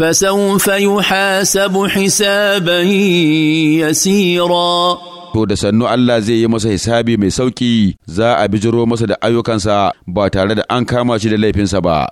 فسوف يحاسب حسابا يسيرا To da sannu Allah zai yi masa hisabi mai sauƙi za a bijiro masa da ayyukansa ba tare da an kama shi da laifinsa ba.